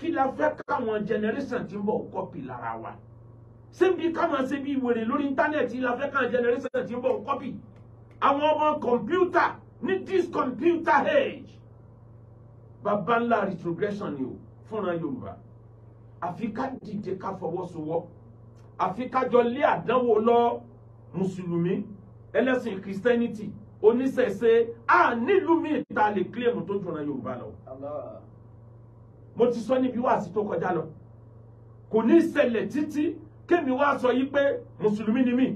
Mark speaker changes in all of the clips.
Speaker 1: kí la fẹ́ káwọn generation ti ń bọ̀ kọ́pì lára wa síbi káwọn ṣe bí ìwèrè lórí íńtánẹ́ẹ̀tì la fẹ́ káwọn generation ti ń bọ̀ kọ́pì àwọn ọmọ kọ̀mpútà ní this computer age baba ńlá retrogression ni o fúnra Yorùbá àfi ká dìde ká fọwọ́sowọ́ àfi ká jọ lé àdánwò lọ mùsùlùmí ẹlẹ́sìn christianity oníṣẹ̀ṣe a nílùú mi ìta lè kílèmù tó jọra Yorùbá lọ. Allah mo ti sọ níbi wáàsí tó kọjá lọ kò ní ìṣẹ̀lẹ̀ títí kémi wá sọ yí pé mùsùlùmí ni mí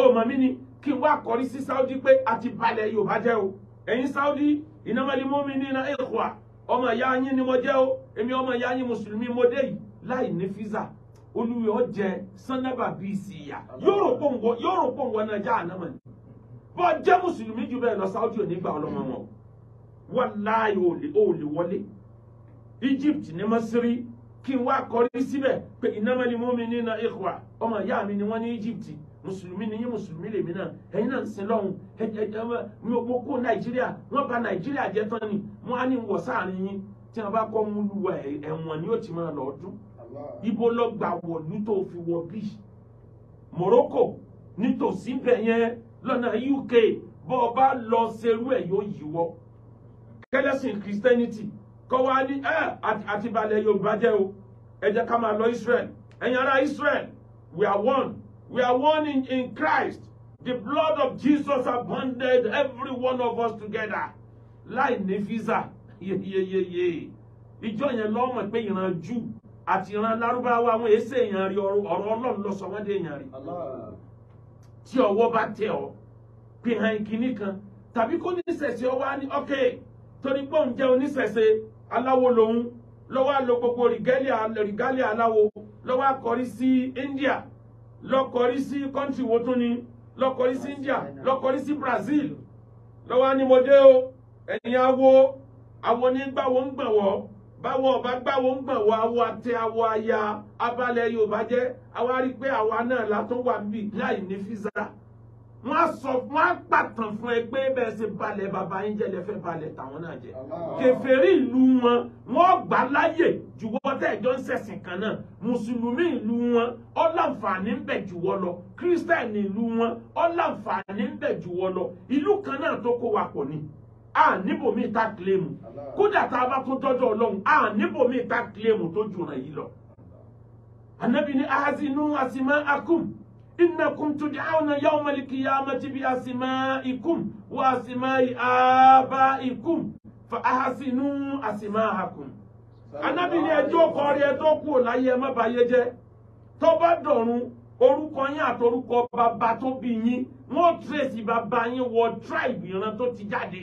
Speaker 1: ó mọ̀ mí ni kí n wá kọrí sí Saudi pé a ti balẹ̀ Yorùbá jẹ́ o ẹ̀yin Saudi innamal mu'minina ikhwa ọmọ ìyá yín ni mo jẹ́ o èmi ọmọ ìyá yín mùsùlùmí mo dé yìí láì ní fíza olùwé ọjẹ sanaba bíi ìsìyà yóò rò pọ̀ ń wọ ànámọ̀ ni bọ́ọ̀ jẹ́ mùsùlùmí jù bẹ́ẹ̀ lọ Saudi ò ní gbà ọlọ́mọ wọn wọ́n láàyè ò wọlé Egypt n'i Masiri kí n wá kọrí síbẹ̀ pé innamal mu'minina ikhwa ọmọ ìyá mi ni wọ́n ní Egypt mùsùlùmí ni yín mùsùlùmí lèmi náà ẹ̀yin náà mi ò kó Nàìjíríà wọ́n bà ni wọ́n á ni ti ibo lọ gbà wọ̀ ni tó fi Morocco nítòsí bẹ̀ yẹn lona UK bọ́ ọ bá lọ serú ẹ̀ yóò kọ́ wá ní ẹ àti balẹ̀ Yorùbá jẹ́ o ẹ jẹ́ ká máa lọ Israel ẹ̀yin ará Israel we are one we are one in, in Christ the blood of Jesus abounded every one of us together láì ní visa yeyeyeye ìjọ yẹn lọ́mọ̀ pé ìran Júù àti ìran Lárúbáwá àwọn èsè èèyàn rí ọ̀rọ̀ Ọlọ́run ló sọ wọ́n dé èèyàn rí tí ọwọ́ bá tẹ̀ ọ́ pìhàn ìkíní kan tàbí kó ní ìṣẹ̀ṣẹ̀ ọwọ́ á ní ok torí pé òun jẹ́ oníṣẹ̀ṣẹ̀ aláwo lòun lọ́wọ́ àlọ́ gbogbo rìgálì aláwo lọ́wọ́ àkọrí sí India lọ́kọrí sí kọ́ńtì wo tún ni lọ́kọrí sí India lọ́kọrí sí Brazil lọ́wọ́ ni mo dé o ẹ̀yin awo awo ní gbàwó ń gbàwọ́ báwọn ọba gbàwó ń gbàwọ́ awo àti awo aya abalẹ̀ Yorùbá jẹ́ àwa rí i pé àwa náà la wà bíi láì ní físà wọ́n á sọ wọ́n á pàtàn fún ẹ pé bẹ́ẹ̀ ṣe balẹ̀ bàbá yín jẹ́ lẹ́fẹ́ balẹ̀ tàwọn náà jẹ́ kèfèrí ìlú wọn wọ́n gbà láyè jùwọ́ tẹ́ ẹ̀jọ́ ń ṣẹ̀sìn kan náà mùsùlùmí ìlú wọn ọ̀làǹfààní ń bẹ jùwọ́ lọ kírísítẹ́nì ìlú wọn ọ̀làǹfààní ń bẹ jùwọ́ lọ ìlú kan náà tó kó wa pọ̀ ni a níbòmí ta kílẹ̀mù kódà tá a bá tó tọ́jú ọlọ́run a níbòmí ta kílẹ̀mù tó jùràn yìí lọ. ànábì ni ahazinu إنكم تدعون يوم القيامة بأسمائكم وأسماء آبائكم فأحسنوا أسماءكم
Speaker 2: Ànábì ní ẹjọ́
Speaker 1: kọrí ẹ tó kú láyé ẹ má bayé jẹ́ tó bá dọ̀run orúkọ yín àtorúkọ bàbá tó bí yín wọ́n tírèsì bàbá yín wọ tíráìbì ìran tó ti jáde.